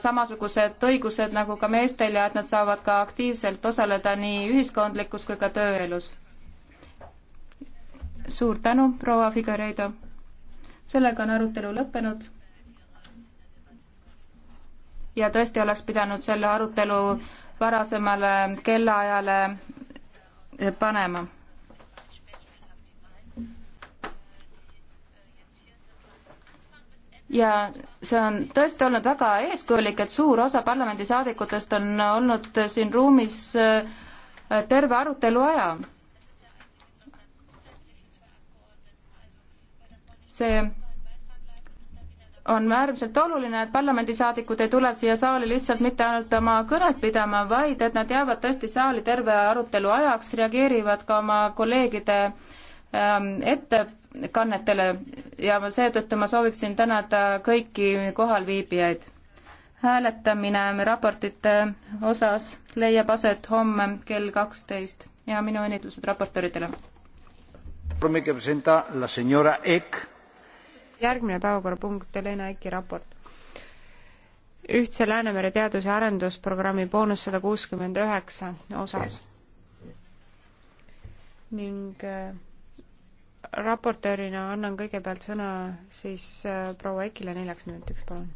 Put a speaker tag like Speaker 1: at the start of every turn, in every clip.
Speaker 1: samasugused õigused nagu ka meestel ja et nad saavad ka aktiivselt osaleda nii ühiskondlikus kui ka tööelus. suur tänu, proua Figueiredo. sellega on arutelu lõppenud. ja tõesti oleks pidanud selle arutelu varasemale kellaajale panema ja see on tõesti olnud väga eeskujulik, et suur osa parlamendisaadikutest on olnud siin ruumis äh, terve arutelu aja. see on äärmiselt oluline, et parlamendisaadikud ei tule siia saali lihtsalt mitte ainult oma kõnet pidama, vaid et nad jäävad tõesti saali terve arutelu ajaks, reageerivad ka oma kolleegide ähm, ette kannetele ja seetõttu ma sooviksin tänada kõiki kohalviibijaid. hääletamine raportite osas leiab aset homme kell kaksteist ja minu õnnitlused raportööridele.
Speaker 2: järgmine päevakorrapunkt Helena Eki raport. ühtse Läänemere teadus- ja arendusprogrammi boonus sada kuuskümmend üheksa osas ning äh, raportöörina annan kõigepealt sõna siis äh, proua Ekile neljaks minutiks, palun.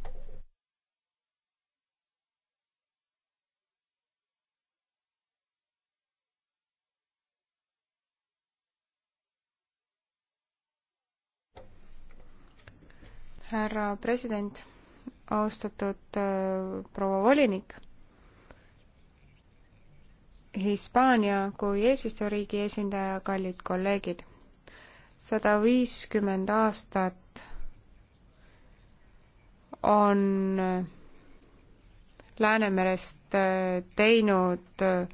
Speaker 2: härra president, austatud äh, proua volinik Hispaania kui eesistujariigi esindaja, kallid kolleegid! sada viiskümmend aastat on Läänemerest äh, teinud äh,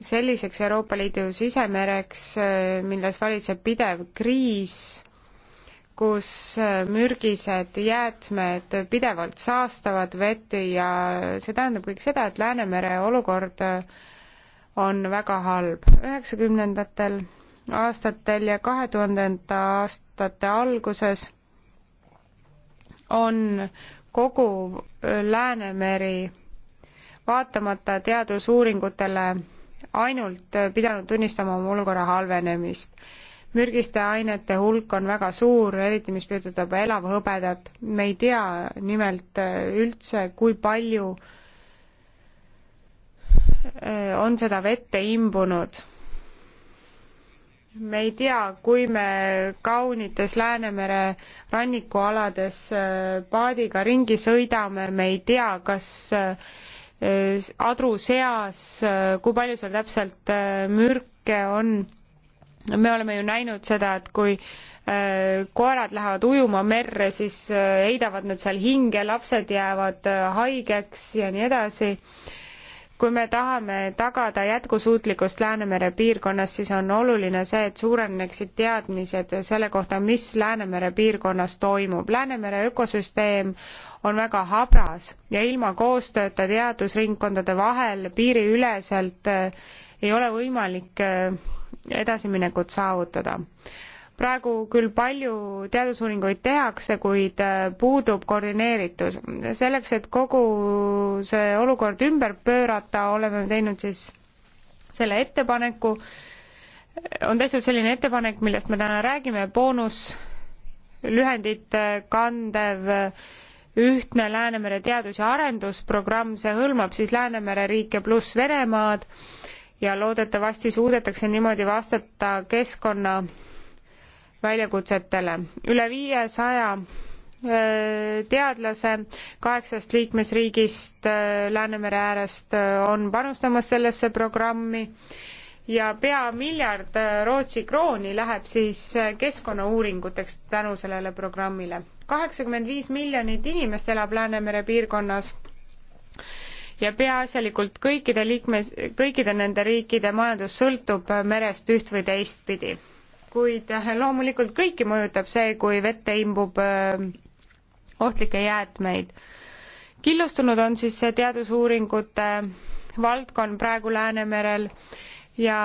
Speaker 2: selliseks Euroopa Liidu sisemereks, äh, milles valitseb pidev kriis, kus mürgised jäätmed pidevalt saastavad vett ja see tähendab kõik seda, et Läänemere olukord on väga halb. üheksakümnendatel aastatel ja kahe tuhandenda aastate alguses on kogu Läänemeri vaatamata teadusuuringutele ainult pidanud tunnistama oma olukorra halvenemist. mürgiste ainete hulk on väga suur, eriti mis puudutab elavhõbedat. me ei tea nimelt üldse, kui palju eh, on seda vette imbunud me ei tea, kui me kaunites Läänemere rannikualades äh, paadiga ringi sõidame, me ei tea, kas äh, adru seas, äh, kui palju seal täpselt mürke on. me oleme ju näinud seda, et kui koerad lähevad ujuma merre, siis heidavad nad seal hinge, lapsed jäävad haigeks ja nii edasi kui me tahame tagada jätkusuutlikkust Läänemere piirkonnas, siis on oluline see, et suureneksid teadmised selle kohta, mis Läänemere piirkonnas toimub. Läänemere ökosüsteem on väga habras ja ilma koostööta teadusringkondade vahel piiriüleselt eh, ei ole võimalik eh, edasiminekut saavutada praegu küll palju teadusuuringuid tehakse, kuid äh, puudub koordineeritus. selleks, et kogu see olukord ümber pöörata, oleme teinud siis selle ettepaneku, on tehtud selline ettepanek, millest me täna räägime, boonus, lühendit äh, kandev äh, ühtne Läänemere teadus- ja arendusprogramm, see hõlmab siis Läänemere riike pluss Venemaad ja loodetavasti suudetakse niimoodi vastata keskkonna väljakutsetele. üle viiesaja teadlase kaheksast liikmesriigist Läänemere äärest on panustamas sellesse programmi ja pea miljard Rootsi krooni läheb siis keskkonnauuringuteks tänu sellele programmile. kaheksakümmend viis miljonit inimest elab Läänemere piirkonnas ja peaasjalikult kõikide liikmes, kõikide nende riikide majandus sõltub merest üht või teistpidi kuid eh, loomulikult kõiki mõjutab see, kui vette imbub eh, ohtlikke jäätmeid. killustunud on siis see teadusuuringute valdkond praegu Läänemerel ja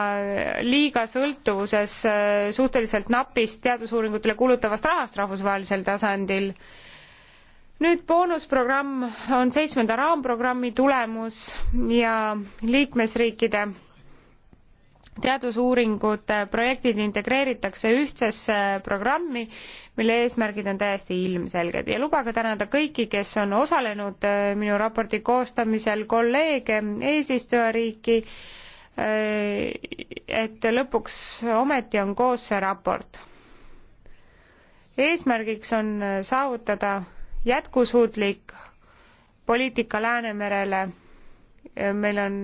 Speaker 2: liiga sõltuvuses eh, suhteliselt napist teadusuuringutele kulutavast rahast rahvusvahelisel tasandil nüüd boonusprogramm on seitsmenda raamprogrammi tulemus ja liikmesriikide teadusuuringud, projektid integreeritakse ühtsesse programmi, mille eesmärgid on täiesti ilmselged ja lubage tänada kõiki, kes on osalenud äh, minu raporti koostamisel, kolleege, eesistujariiki, äh, et lõpuks ometi on koos see raport. eesmärgiks on äh, saavutada jätkusuutlik poliitika Läänemerele, meil on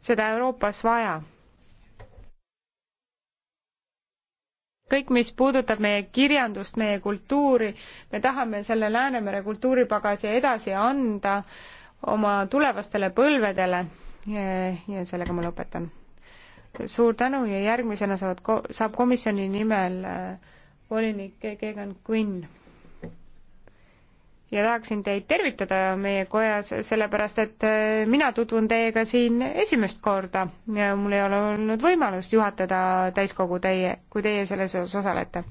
Speaker 2: seda Euroopas vaja kõik, mis puudutab meie kirjandust, meie kultuuri, me tahame selle Läänemere kultuuripagasi edasi anda oma tulevastele põlvedele ja, ja sellega ma lõpetan. suur tänu ja järgmisena saavad, saab komisjoni nimel äh, volinik Keegan Quinn ja tahaksin teid tervitada meie kojas, sellepärast et äh, mina tutvun teiega siin esimest korda ja mul ei ole olnud võimalust juhatada täiskogu teie, kui teie selles osas osalete.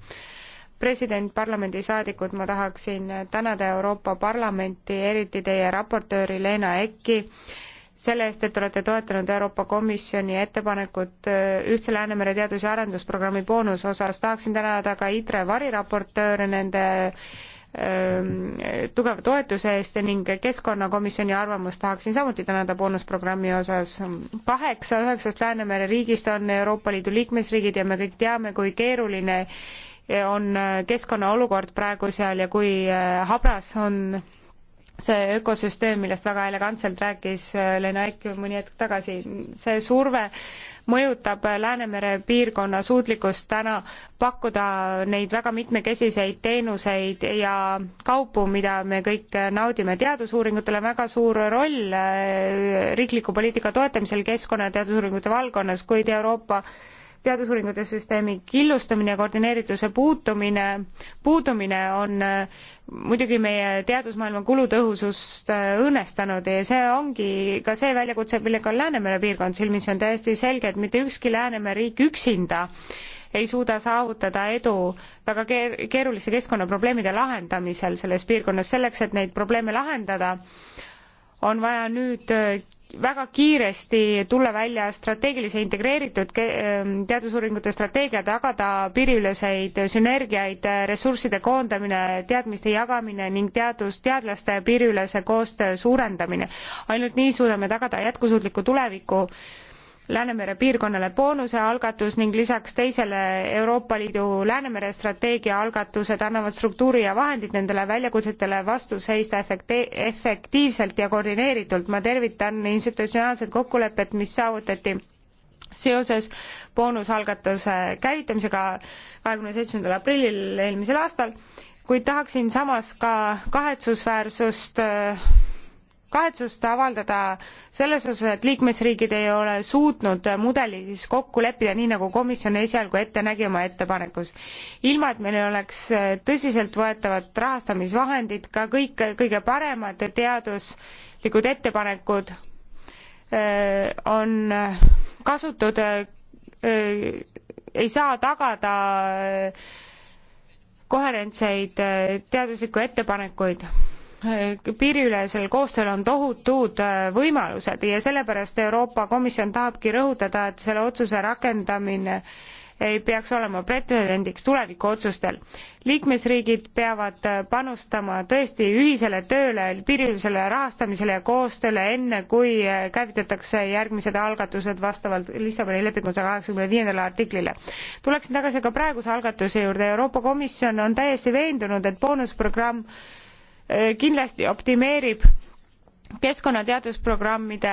Speaker 2: president, parlamendisaadikud, ma tahaksin tänada Euroopa Parlamenti, eriti teie raportööri Leena Ekki, selle eest, et olete toetanud Euroopa Komisjoni ettepanekut äh, Ühtse Läänemere teadus- ja arendusprogrammi boonuse osas, tahaksin tänada ka ITRE variraportööre nende Ähm, tugeva toetuse eest ning Keskkonnakomisjoni arvamust tahaksin samuti tänada boonusprogrammi osas. kaheksa üheksast Läänemere riigist on Euroopa Liidu liikmesriigid ja me kõik teame, kui keeruline on keskkonnaolukord praegu seal ja kui äh, habras on see ökosüsteem, millest väga elegantselt rääkis äh, Lena Eik mõni hetk tagasi, see surve mõjutab Läänemere piirkonna suutlikkust täna pakkuda neid väga mitmekesiseid teenuseid ja kaupu, mida me kõik naudime. teadusuuringutel on väga suur roll äh, riikliku poliitika toetamisel keskkonna ja teadusuuringute valdkonnas, kuid Euroopa teadusuuringute süsteemi killustamine ja koordineerituse puutumine, puudumine on äh, muidugi meie teadusmaailma kulutõhusust äh, õõnestanud ja see ongi ka see väljakutse, millega on Läänemere piirkond silmis, on täiesti selge, et mitte ükski Läänemere riik üksinda ei suuda saavutada edu väga keer-, keeruliste keskkonnaprobleemide lahendamisel selles piirkonnas, selleks et neid probleeme lahendada, on vaja nüüd äh, väga kiiresti tulla välja strateegilise integreeritud ähm, teadusuuringute strateegia, tagada piiriüleseid sünergiaid, ressursside koondamine, teadmiste jagamine ning teadus, teadlaste piiriülese koostöö suurendamine. ainult nii suudame tagada jätkusuutliku tuleviku Läänemere piirkonnale boonuse algatus ning lisaks teisele Euroopa Liidu Läänemere strateegia algatused annavad struktuuri ja vahendid nendele väljakutsetele vastu seista efekti efektiivselt ja koordineeritult. ma tervitan institutsionaalset kokkulepet, mis saavutati seoses boonusalgatuse käivitamisega kahekümne seitsmendal aprillil eelmisel aastal, kuid tahaksin samas ka kahetsusväärsust äh, kahetsust avaldada selles osas, et liikmesriigid ei ole suutnud mudelis kokku leppida, nii nagu komisjon esialgu ette nägi oma ettepanekus. ilma, et meil oleks tõsiseltvõetavad rahastamisvahendid, ka kõik kõige paremad teaduslikud ettepanekud äh, on kasutud, äh, ei saa tagada äh, koherentseid teaduslikku ettepanekuid Äh, piiriülesel koostööl on tohutud äh, võimalused ja sellepärast Euroopa Komisjon tahabki rõhutada, et selle otsuse rakendamine ei peaks olema pretsedendiks tulevikuotsustel. liikmesriigid peavad äh, panustama tõesti ühisele tööle, piirilisele rahastamisele ja koostööle, enne kui käivitatakse järgmised algatused vastavalt Lissaboni lepingu saja kaheksakümne viiendale artiklile. tuleksin tagasi ka praeguse algatuse juurde, Euroopa Komisjon on täiesti veendunud, et boonusprogramm Äh, kindlasti optimeerib keskkonnateadusprogrammide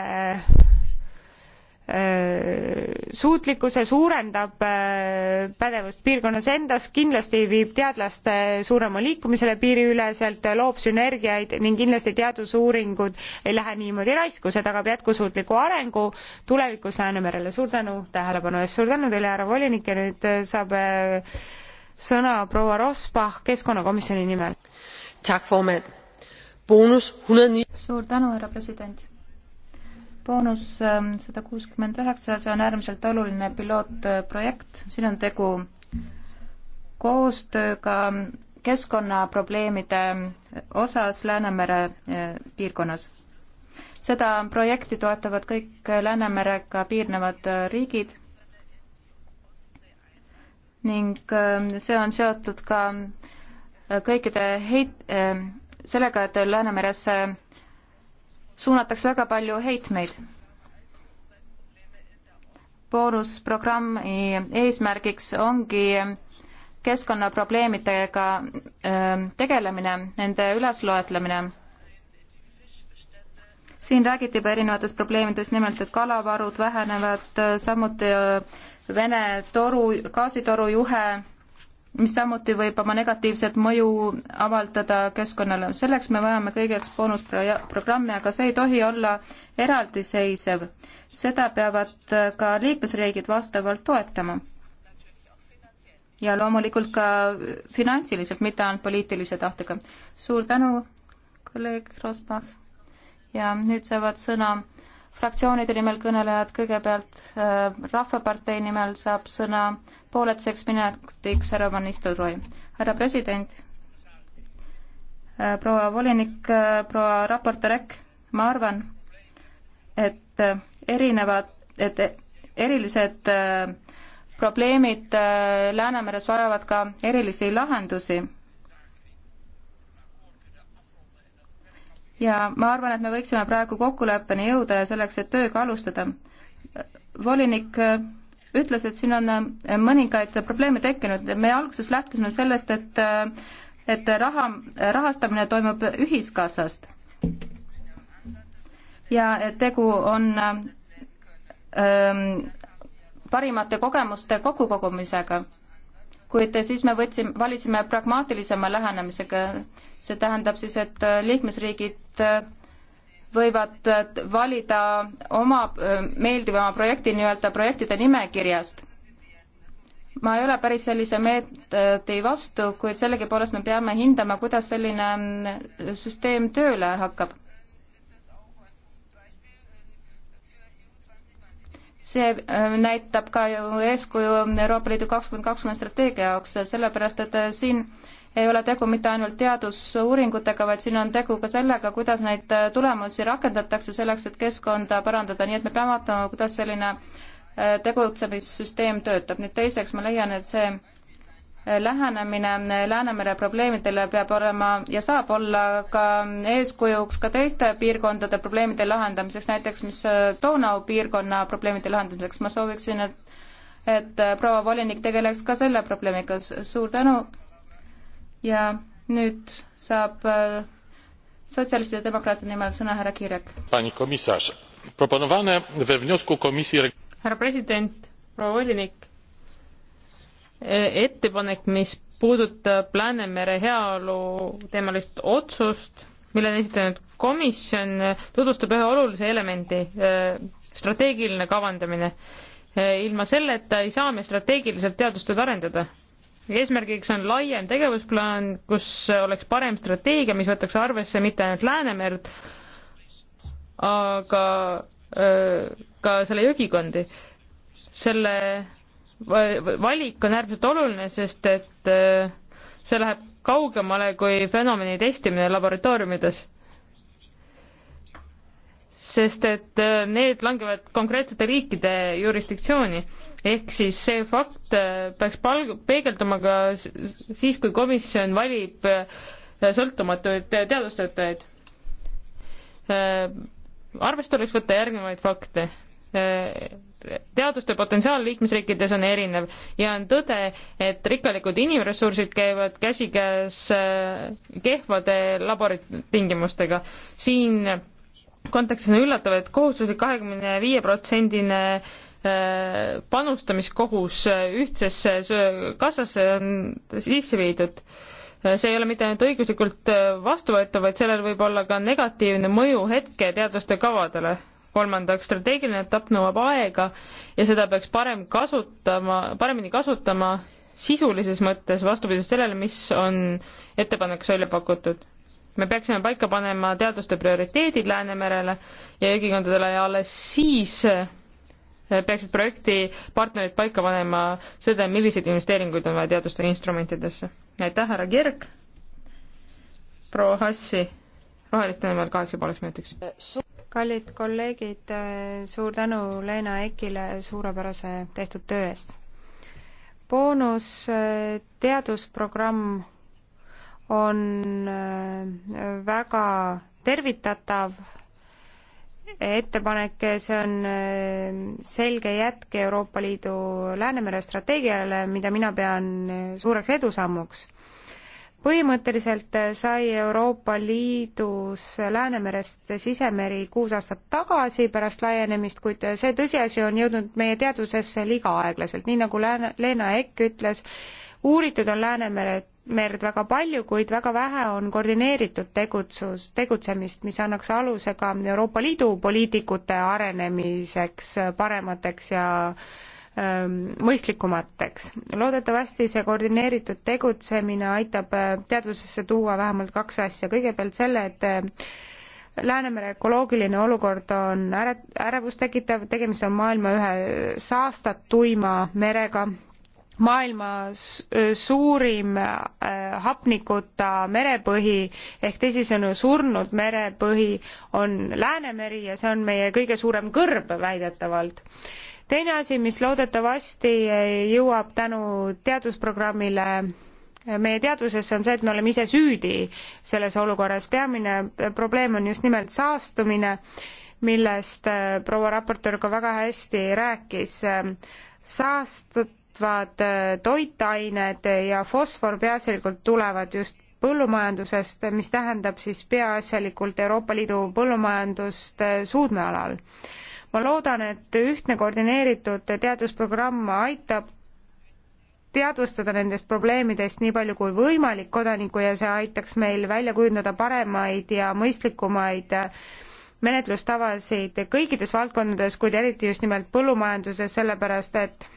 Speaker 2: äh, suutlikkuse suurendab äh, pädevust piirkonnas endas, kindlasti viib teadlaste suurema liikumisele piiriüleselt, loob sünergiaid ning kindlasti teadusuuringud ei lähe niimoodi raisku, see tagab jätkusuutliku arengu tulevikus Läänemerele. suur tänu tähelepanu eest, suur tänu teile, härra volinik ja nüüd saab sõna proua Rosbach keskkonnakomisjoni nimel boonus
Speaker 1: härra president boonus ähm, sada kuuskümmend üheksa see on äärmiselt oluline pilootprojekt siin on tegu koostööga keskkonnaprobleemide osas läänemere äh, piirkonnas seda projekti toetavad kõik läänemerega piirnevad äh, riigid ning ähm, see on seotud ka kõikide heit-, ehm, sellega, et Läänemeresse ehm, suunatakse väga palju heitmeid. boonusprogrammi eesmärgiks ongi keskkonnaprobleemidega ehm, tegelemine, nende ülesloetlemine. siin räägiti juba erinevatest probleemidest, nimelt et kalavarud vähenevad, samuti Vene toru, gaasitoru juhe mis samuti võib oma negatiivset mõju avaldada keskkonnale. selleks me vajame kõigeks boonusprogrammi, aga see ei tohi olla eraldiseisev. seda peavad ka liikmesriigid vastavalt toetama. ja loomulikult ka finantsiliselt, mitte ainult poliitilise tahtega. suur tänu, kolleeg Rosbach. ja nüüd saavad sõna fraktsioonide nimel kõnelejad, kõigepealt äh, Rahvapartei nimel saab sõna pooletuseks minutiks härra Van Nistelrooy. härra president äh,, proua volinik äh,, proua raportöör Ekk, ma arvan, et äh, erinevad, et erilised äh, probleemid äh, Läänemeres vajavad ka erilisi lahendusi ja ma arvan, et me võiksime praegu kokkuleppeni jõuda ja selleks, et tööga alustada. volinik äh, ütles, et siin on äh, mõningaid probleeme tekkinud, me alguses lähtusime sellest, et äh, et raha, rahastamine toimub ühiskassast ja et tegu on ähm, parimate kogemuste kokkukogumisega kuid siis me võtsime, valisime pragmaatilisema lähenemisega. see tähendab siis, et liikmesriigid äh, võivad äh, valida oma äh, meeldivama projekti nii-öelda projektide nimekirjast. ma ei ole päris sellise meetodi vastu, kuid sellegipoolest me peame hindama, kuidas selline mm, süsteem tööle hakkab see äh, näitab ka ju eeskuju Euroopa Liidu kakskümmend kakskümmend strateegia jaoks, sellepärast et äh, siin ei ole tegu mitte ainult teadusuuringutega, vaid siin on tegu ka sellega, kuidas neid äh, tulemusi rakendatakse selleks, et keskkonda parandada, nii et me peame vaatama, kuidas selline tegutsemissüsteem töötab. nüüd teiseks ma leian, et see lähenemine Läänemere probleemidele peab olema ja saab olla ka eeskujuks ka teiste piirkondade probleemide lahendamiseks, näiteks mis äh, Donau piirkonna probleemide lahendamiseks, ma sooviksin, et et äh, proua volinik tegeleks ka selle probleemiga, suur tänu ja nüüd saab äh, sotsialistide demokraatide nimel sõna härra Kirjak. härra
Speaker 3: president, proua volinik ettepanek, mis puudutab Läänemere heaolu teemalist otsust, mille on esitanud komisjon, tutvustab ühe olulise elemendi, äh, strateegiline kavandamine. Äh, ilma selleta ei saa me strateegiliselt teadustööd arendada. eesmärgiks on laiem tegevusplaan, kus oleks parem strateegia, mis võtaks arvesse mitte ainult Läänemerd, aga äh, ka selle jõgikondi. selle valik on äärmiselt oluline, sest et äh, see läheb kaugemale kui fenomeni testimine laboratooriumides. sest et äh, need langevad konkreetsete riikide jurisdiktsiooni, ehk siis see fakt äh, peaks palg-, peegelduma ka siis, kui komisjon valib sõltumatuid teadustöötajaid. arvesse tuleks võtta järgnevaid fakte teaduste potentsiaal liikmesriikides on erinev ja on tõde, et rikkalikud inimressursid käivad käsikäes äh, kehvade laboritingimustega. siin kontekstis on üllatav, et kohustuslik kahekümne viie protsendine äh, panustamiskohus äh, ühtsesse kassasse on sisse viidud. see ei ole mitte ainult õiguslikult vastuvõetav, vaid sellel võib olla ka negatiivne mõju hetketeaduste kavadele kolmandaks, strateegiline etapp nõuab aega ja seda peaks parem kasutama, paremini kasutama sisulises mõttes, vastupidiselt sellele, mis on ettepanekus välja pakutud. me peaksime paika panema teaduste prioriteedid Läänemerele ja jõgikondadele ja alles siis eh, peaksid projekti partnerid paika panema seda, milliseid investeeringuid on vaja teaduste instrumentidesse. aitäh, härra Kirg! proua Hassi roheliste nimel kaheks ja pooleks minutiks
Speaker 2: kallid kolleegid, suur tänu Leena Ekile suurepärase tehtud töö eest. boonusteadusprogramm äh, on äh, väga tervitatav ettepanek, see on äh, selge jätk Euroopa Liidu Läänemere strateegiale, mida mina pean suureks edusammuks põhimõtteliselt sai Euroopa Liidus Läänemerest sisemeri kuus aastat tagasi pärast laienemist, kuid see tõsiasi on jõudnud meie teadvusesse liiga aeglaselt, nii nagu Lääne, Leena Ekk ütles, uuritud on Läänemeret merd väga palju, kuid väga vähe on koordineeritud tegutsus, tegutsemist, mis annaks aluse ka Euroopa Liidu poliitikute arenemiseks paremateks ja Ähm, mõistlikumateks. loodetavasti see koordineeritud tegutsemine aitab äh, teadvusesse tuua vähemalt kaks asja, kõigepealt selle, et äh, Läänemere ökoloogiline olukord on äre-, ärevust tekitav, tegemist on maailma ühe saastatuima merega, maailma äh, suurim hapnikuta merepõhi ehk teisisõnu surnud merepõhi on Läänemeri ja see on meie kõige suurem kõrb väidetavalt teine asi, mis loodetavasti jõuab tänu teadusprogrammile meie teadvusesse, on see, et me oleme ise süüdi selles olukorras. peamine äh, probleem on just nimelt saastumine, millest äh, proua raportöör ka väga hästi rääkis. saastutvad äh, toitained ja fosfor peaasjalikult tulevad just põllumajandusest, mis tähendab siis peaasjalikult Euroopa Liidu põllumajandust suudmealal ma loodan, et ühtne koordineeritud teadusprogramm aitab teadvustada nendest probleemidest nii palju kui võimalik kodanikku ja see aitaks meil välja kujundada paremaid ja mõistlikumaid menetlustavasid kõikides valdkondades, kuid eriti just nimelt põllumajanduses, sellepärast et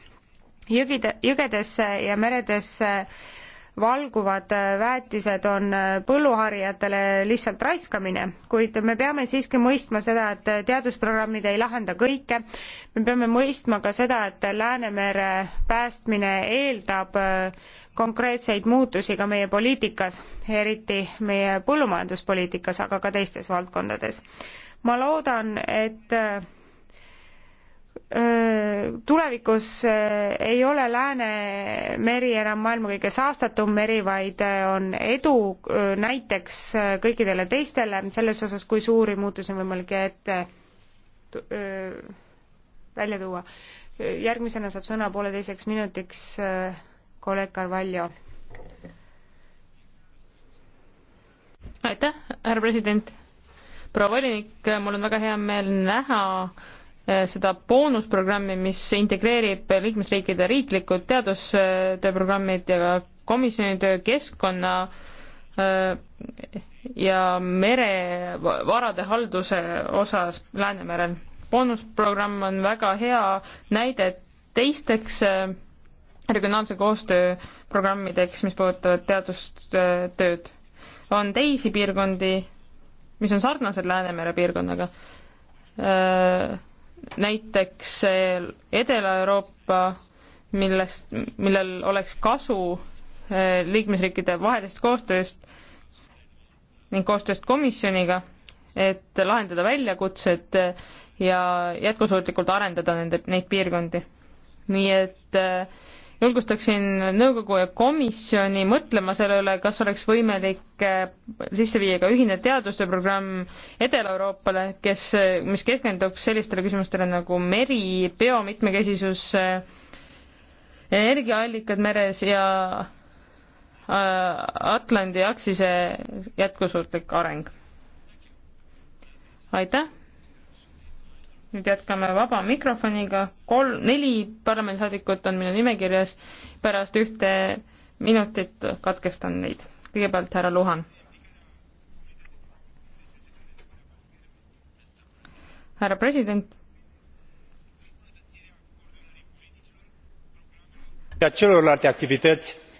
Speaker 2: jõgide, jõgedesse ja meredesse valguvad äh, väetised on äh, põlluharijatele lihtsalt raiskamine, kuid me peame siiski mõistma seda, et äh, teadusprogrammid ei lahenda kõike. me peame mõistma ka seda, et Läänemere päästmine eeldab konkreetseid muutusi ka meie poliitikas, eriti meie põllumajanduspoliitikas, aga ka teistes valdkondades. ma loodan, et tulevikus ei ole Läänemeri enam maailma kõige saastatum meri, vaid on edu näiteks kõikidele teistele selles osas, kui suuri muutusi on võimalik ette välja tuua. järgmisena saab sõna pooleteiseks minutiks kolleeg Carvalho. aitäh, härra president.
Speaker 3: proua volinik, mul on väga hea meel näha äh, Eh, seda boonusprogrammi, mis integreerib liikmesriikide riiklikud teadustööprogrammid ja ka komisjoni töö keskkonna eh, ja merevarade halduse osas Läänemerel. boonusprogramm on väga hea näide teisteks eh, regionaalse koostöö programmideks, mis puudutavad teadustööd. on teisi piirkondi, mis on sarnased Läänemere piirkonnaga näiteks Edela-Euroopa, millest, millel oleks kasu eh, liikmesriikide vahelisest koostööst ning koostööst komisjoniga, et lahendada väljakutsed eh, ja jätkusuutlikult arendada nende, neid piirkondi. nii et äh, julgustaksin nõukogu ja komisjoni mõtlema selle üle, kas oleks võimalik äh, sisse viia ka ühine teadustööprogramm Edela-Euroopale, kes, mis keskenduks sellistele küsimustele nagu meri, biomitmekesisus, äh, energiaallikad meres ja äh, Atlandi aksise jätkusuutlik areng. aitäh! nüüd jätkame vaba mikrofoniga, kolm, neli parlamendisaadikut on minu nimekirjas, pärast ühte minutit katkestan neid. kõigepealt härra Luhan.
Speaker 1: härra president.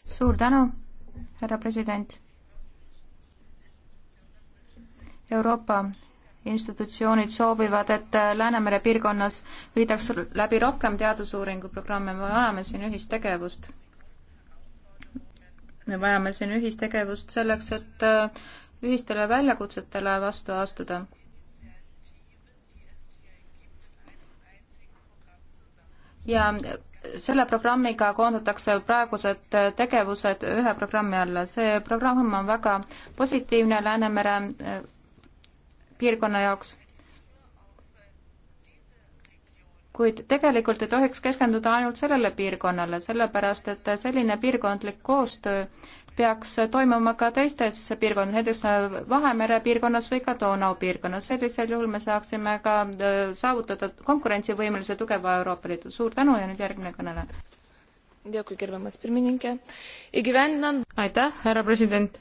Speaker 1: suur tänu, härra president. Euroopa institutsioonid soovivad, et Läänemere piirkonnas viidaks läbi rohkem teadusuuringuprogramme, me vajame siin ühistegevust. me vajame siin ühistegevust selleks, et äh, ühistele väljakutsetele vastu astuda. ja selle programmiga koondatakse praegused tegevused ühe programmi alla. see programm on väga positiivne Läänemere äh, piirkonna jaoks. kuid tegelikult ei tohiks keskenduda ainult sellele piirkonnale, sellepärast et selline piirkondlik koostöö peaks toimuma ka teistes piirkondades, näiteks Vahemere piirkonnas või ka Donau piirkonnas. sellisel juhul me saaksime ka äh, saavutada konkurentsivõimelise tugeva Euroopa Liidu. suur tänu ja nüüd järgmine kõneleja. aitäh,
Speaker 3: härra president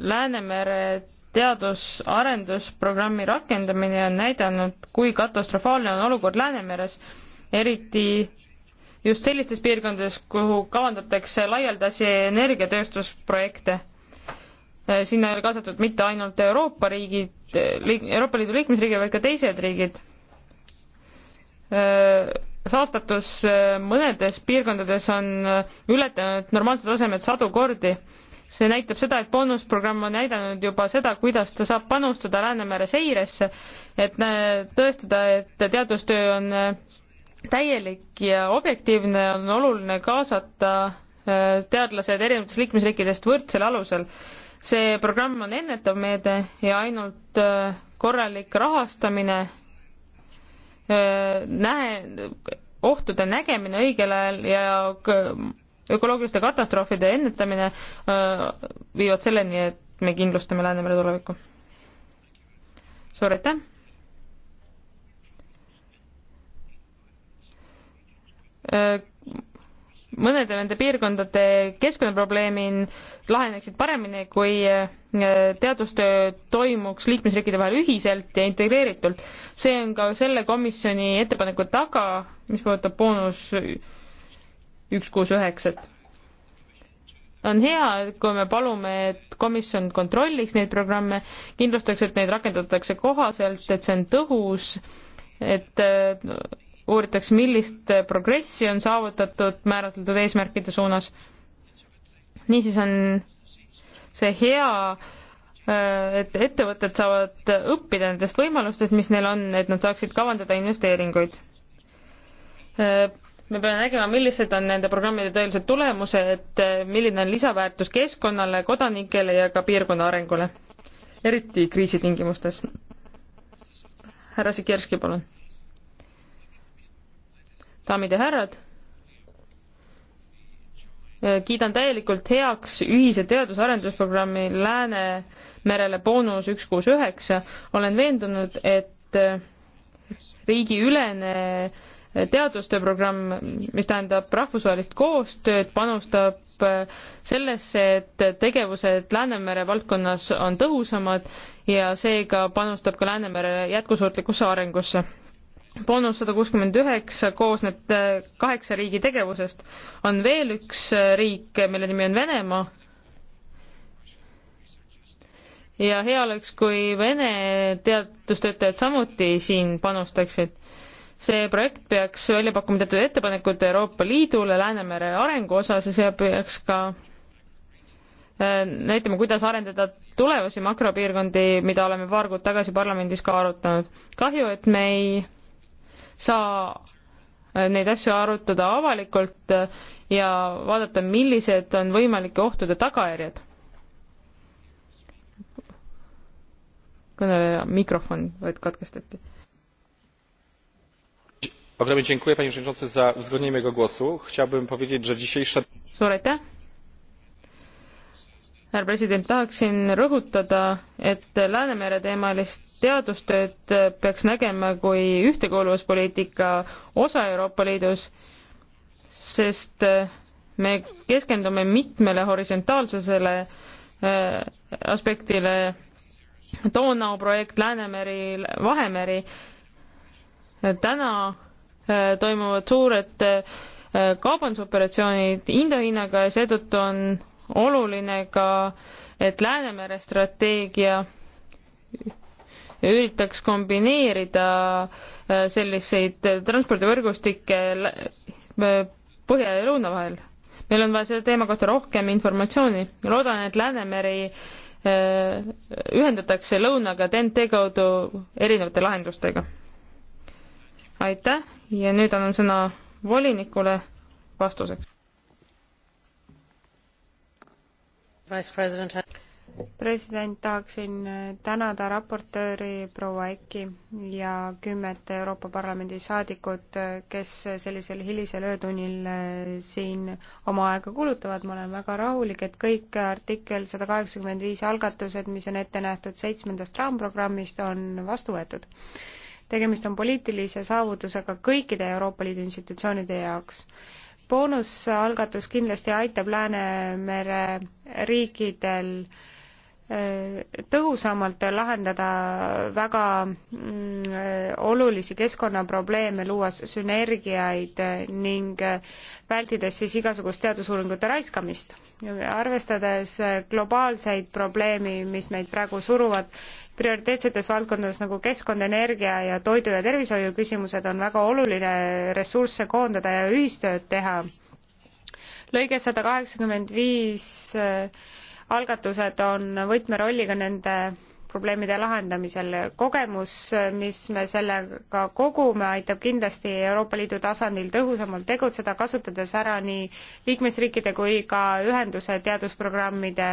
Speaker 3: Läänemere teadus-arendusprogrammi rakendamine on näidanud, kui katastrofaalne on olukord Läänemeres, eriti just sellistes piirkondades, kuhu kavandatakse laialdasi energiatööstusprojekte. Eh, sinna ei ole kaasatud mitte ainult Euroopa riigid, eh, Euroopa Liidu liikmesriigid, vaid ka teised riigid. Eh, saastatus mõnedes piirkondades on ületanud normaalsed tasemed sadu kordi see näitab seda, et boonusprogramm on näidanud juba seda, kuidas ta saab panustada Läänemere seiresse, et äh, tõestada, et teadustöö on äh, täielik ja objektiivne, on oluline kaasata äh, teadlased erinevatest liikmesriikidest võrdsel alusel. see programm on ennetav meede ja ainult korralik rahastamine, näe, ohtude nägemine õigel ajal ja ökoloogiliste katastroofide ennetamine viivad selleni, et me kindlustame Läänemere tulevikku. suur aitäh! mõnede nende piirkondade keskkonnaprobleemid laheneksid paremini, kui teadustöö toimuks liikmesriikide vahel ühiselt ja integreeritult. see on ka selle komisjoni ettepaneku taga, mis puudutab boonus üks kuus üheksat. on hea, kui me palume, et komisjon kontrolliks neid programme, kindlustaks, et neid rakendatakse kohaselt, et see on tõhus, et äh, uuritaks, millist progressi on saavutatud määratletud eesmärkide suunas. niisiis on see hea, äh, et ettevõtted saavad õppida nendest võimalustest, mis neil on, et nad saaksid kavandada investeeringuid. Äh, me peame nägema, millised on nende programmide tõelised tulemused, eh, milline on lisaväärtus keskkonnale, kodanikele ja ka piirkonna arengule, eriti kriisitingimustes. härra Sikerski, palun. daamid ja härrad, eh, kiidan täielikult heaks ühise teadus-arendusprogrammi Läänemerele boonus üks kuus üheksa, olen veendunud, et eh, riigiülene teadustöö programm, mis tähendab rahvusvahelist koostööd, panustab äh, sellesse, et tegevused Läänemere valdkonnas on tõhusamad ja seega panustab ka Läänemere jätkusuutlikusse arengusse. boonus sada kuuskümmend üheksa koosneb äh, kaheksa riigi tegevusest. on veel üks äh, riik, mille nimi on Venemaa, ja hea oleks, kui Vene teadustöötajad samuti siin panustaksid see projekt peaks välja pakkuma teatud ettepanekud Euroopa Liidule Läänemere arengu osas ja see peaks ka äh, näitama, kuidas arendada tulevasi makropiirkondi, mida oleme paar kuud tagasi parlamendis ka arutanud. kahju, et me ei saa äh, neid asju arutada avalikult äh, ja vaadata, millised on võimalike ohtude tagajärjed. kõneleja mikrofon vaid katkestati
Speaker 1: ogromnie dziękuję panie przewodniczący za uwzględnienie mojego głosu. chciałbym powiedzieć że dzisiejsza
Speaker 3: suur aitäh härra president tahaksin rõhutada et läänemere teemalist teadustööd peaks nägema kui ühtekuuluvuspoliitika osa euroopa liidus sest me keskendume mitmele horisontaalsusele äh, aspektile Donau projekt Läänemeri Vahemeri täna Äh, toimuvad suured äh, kaubandusoperatsioonid Indohiinaga ja seetõttu on oluline ka, et Läänemere strateegia üritaks kombineerida äh, selliseid transpordivõrgustikke põhja ja lõuna vahel. meil on vaja selle teema kohta rohkem informatsiooni. loodan, et Läänemeri ühendatakse lõunaga TNT kaudu erinevate lahendustega aitäh ja nüüd annan sõna volinikule vastuseks.
Speaker 2: president, tahaksin äh, tänada raportööri proua Eki ja kümmet Euroopa Parlamendi saadikut, äh, kes sellisel hilisel öötunnil äh, siin oma aega kulutavad, ma olen väga rahulik, et kõik artikkel sada kaheksakümmend viis algatused, mis on ette nähtud seitsmendast raamprogrammist, on vastu võetud tegemist on poliitilise saavutusega kõikide Euroopa Liidu institutsioonide jaoks. boonusalgatus kindlasti aitab Läänemere riikidel äh, Äh, tõhusamalt lahendada väga mm, äh, olulisi keskkonnaprobleeme, luues sünergiaid äh, ning vältides siis igasugust teadusuuringute raiskamist. arvestades globaalseid probleemi, mis meid praegu suruvad, prioriteetsetes valdkondades nagu keskkond, energia ja toidu- ja tervishoiu küsimused on väga oluline ressursse koondada ja ühistööd teha. lõige sada kaheksakümmend viis algatused on võtmerolliga nende probleemide lahendamisel. kogemus, mis me sellega kogume, aitab kindlasti Euroopa Liidu tasandil tõhusamalt tegutseda, kasutades ära nii liikmesriikide kui ka ühenduse teadusprogrammide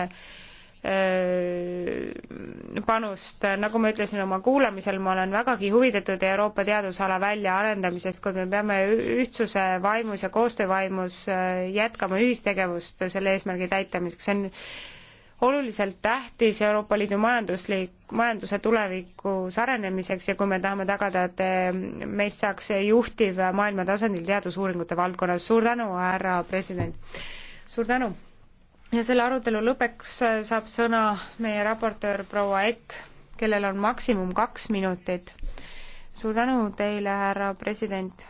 Speaker 2: panust, nagu ma ütlesin oma kuulamisel, ma olen vägagi huvitatud Euroopa teadusala väljaarendamisest, kuid me peame ühtsuse vaimus ja koostöövaimus jätkama ühistegevust selle eesmärgi täitamiseks, see on oluliselt tähtis Euroopa Liidu majanduslik, majanduse tulevikus arenemiseks ja kui me tahame tagada, et meist saaks juhtiv maailma tasandil teadusuuringute valdkonnas. suur tänu, härra president! suur tänu! ja selle arutelu lõpuks saab sõna meie raportöör proua Ekk, kellel on maksimum kaks minutit. suur tänu teile, härra president!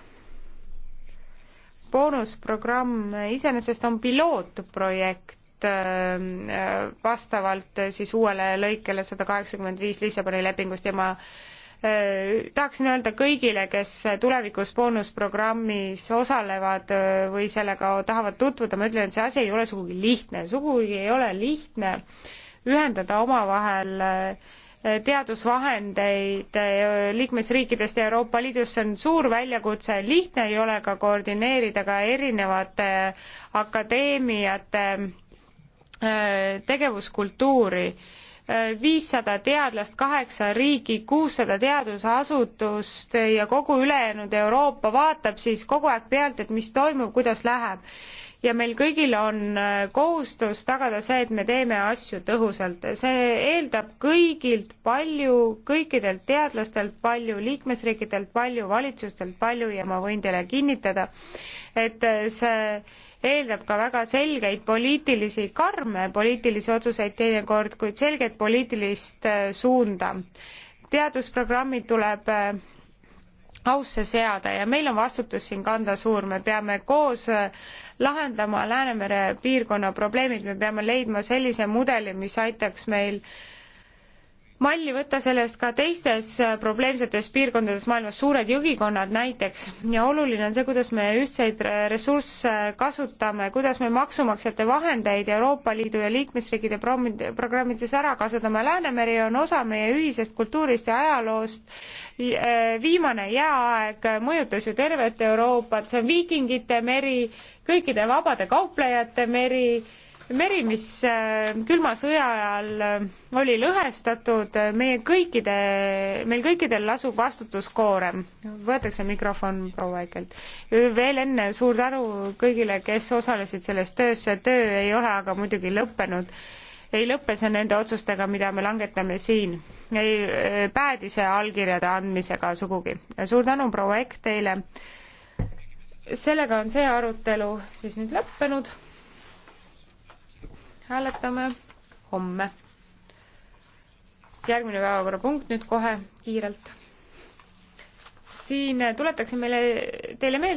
Speaker 2: boonusprogramm iseenesest on pilootprojekt, et ähm, äh, vastavalt äh, siis uuele lõikele sada kaheksakümmend viis Lissaboni lepingust ja ma äh, tahaksin öelda kõigile, kes tulevikus boonusprogrammis osalevad või sellega tahavad tutvuda, ma ütlen, et see asi ei ole sugugi lihtne, sugugi ei ole lihtne ühendada omavahel teadusvahendeid liikmesriikidest ja Euroopa Liidust, see on suur väljakutse, lihtne ei ole ka koordineerida ka erinevate akadeemiate Äh, tegevuskultuuri äh, viissada teadlast, kaheksa riiki, kuussada teadusasutust ja kogu ülejäänud Euroopa vaatab siis kogu aeg pealt, et mis toimub, kuidas läheb. ja meil kõigil on äh, kohustus tagada see, et me teeme asju tõhusalt. see eeldab kõigilt palju, kõikidelt teadlastelt palju, liikmesriikidelt palju, valitsustelt palju ja ma võin teile kinnitada, et see eeldab ka väga selgeid poliitilisi karme, poliitilisi otsuseid teinekord, kuid selget poliitilist äh, suunda. teadusprogrammid tuleb äh, ausse seada ja meil on vastutus siin kanda suur, me peame koos äh, lahendama Läänemere piirkonna probleemid, me peame leidma sellise mudeli, mis aitaks meil äh, malli võtta sellest ka teistes äh, probleemsetes piirkondades maailmas, suured jõgikonnad näiteks, ja oluline on see, kuidas me ühtseid ressursse kasutame, kuidas me maksumaksjate vahendeid Euroopa Liidu ja liikmesriikide programmides ära kasutame, Läänemeri on osa meie ühisest kultuurist ja ajaloost, äh, viimane jääaeg mõjutas ju tervet Euroopat, see on viikingite meri, kõikide vabade kauplejate meri, meri, mis äh, külma sõja ajal äh, oli lõhestatud, äh, meie kõikide, meil kõikidel lasub vastutuskoorem. võetakse mikrofon proua Eikelt. veel enne suur tänu kõigile, kes osalesid selles töös, see töö ei ole aga muidugi lõppenud. ei lõppe see nende otsustega, mida me langetame siin. ei päädi see allkirjade andmisega sugugi. suur tänu, proua Eik, teile. sellega on see arutelu siis nüüd lõppenud hääletame homme. järgmine päevakorrapunkt nüüd kohe kiirelt. siin eh, tuletaksin meile, teile meelde,